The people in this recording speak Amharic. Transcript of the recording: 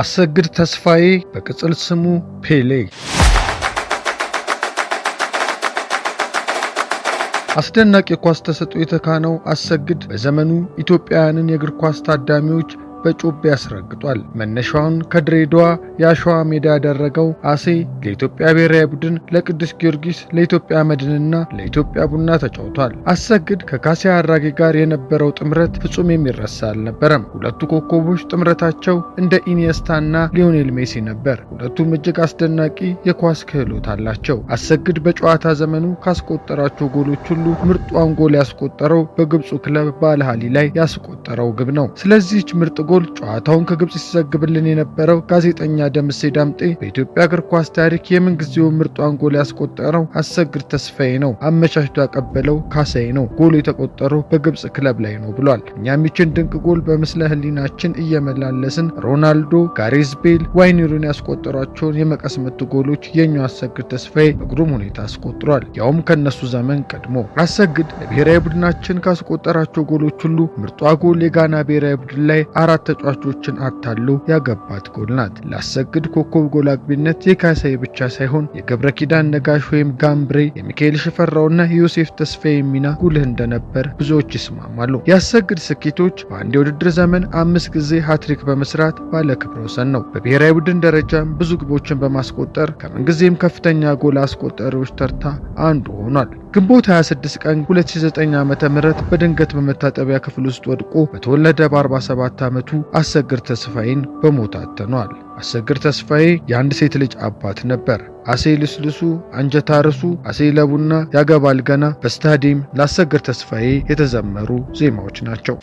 አሰግድ ተስፋዬ በቅጽል ስሙ ፔሌ አስደናቂ የኳስ ተሰጥኦ የተካነው አሰግድ በዘመኑ ኢትዮጵያውያንን የእግር ኳስ ታዳሚዎች በጩቤ ያስረግጧል። መነሻውን ከድሬዳዋ የአሸዋ ሜዳ ያደረገው አሴ ለኢትዮጵያ ብሔራዊ ቡድን፣ ለቅዱስ ጊዮርጊስ፣ ለኢትዮጵያ መድንና ለኢትዮጵያ ቡና ተጫውቷል። አሰግድ ከካሲያ አራጌ ጋር የነበረው ጥምረት ፍጹም የሚረሳ አልነበረም። ሁለቱ ኮከቦች ጥምረታቸው እንደ ኢኒየስታና ሊዮኔል ሜሲ ነበር። ሁለቱም እጅግ አስደናቂ የኳስ ክህሎት አላቸው። አሰግድ በጨዋታ ዘመኑ ካስቆጠራቸው ጎሎች ሁሉ ምርጧን ጎል ያስቆጠረው በግብፁ ክለብ ባልሃሊ ላይ ያስቆጠረው ግብ ነው። ስለዚህች ምርጥ ጎል ጨዋታውን ከግብፅ ሲዘግብልን የነበረው ጋዜጠኛ ደምሴ ዳምጤ በኢትዮጵያ እግር ኳስ ታሪክ የምንጊዜውን ምርጧን ጎል ያስቆጠረው አሰግድ ተስፋዬ ነው፣ አመቻችቶ ያቀበለው ካሳዬ ነው፣ ጎሉ የተቆጠረው በግብፅ ክለብ ላይ ነው ብሏል። እኛም ይችን ድንቅ ጎል በምስለ ህሊናችን እየመላለስን ሮናልዶ፣ ጋሬዝ ቤል፣ ዋይኒሩን ያስቆጠሯቸውን የመቀስ ምት ጎሎች የኛው አሰግድ ተስፋዬ በግሩም ሁኔታ አስቆጥሯል፣ ያውም ከእነሱ ዘመን ቀድሞ። አሰግድ ለብሔራዊ ቡድናችን ካስቆጠራቸው ጎሎች ሁሉ ምርጧ ጎል የጋና ብሔራዊ ቡድን ላይ አራት ሰባት ተጫዋቾችን አታሎ ያገባት ጎል ናት። ላሰግድ ኮከብ ጎል አግቢነት የካሳይ ብቻ ሳይሆን የገብረ ኪዳን ነጋሽ ወይም ጋምብሬ፣ የሚካኤል ሽፈራውና የዮሴፍ ተስፋዬ ሚና ጉልህ እንደነበር ብዙዎች ይስማማሉ። ያሰግድ ስኬቶች በአንድ የውድድር ዘመን አምስት ጊዜ ሀትሪክ በመስራት ባለ ክብረ ወሰን ነው። በብሔራዊ ቡድን ደረጃም ብዙ ግቦችን በማስቆጠር ከምንጊዜም ከፍተኛ ጎል አስቆጠሪዎች ተርታ አንዱ ሆኗል። ግንቦት 26 ቀን 2009 ዓ.ም በድንገት በመታጠቢያ ክፍል ውስጥ ወድቆ በተወለደ በ47 ዓመቱ አሰግር ተስፋዬን በሞት አጥተነዋል። አሰግር ተስፋዬ የአንድ ሴት ልጅ አባት ነበር። አሴ ልስልሱ አንጀታ ርሱ አሴ ለቡና ያገባል ገና በስታዲየም ለአሰግር ተስፋዬ የተዘመሩ ዜማዎች ናቸው።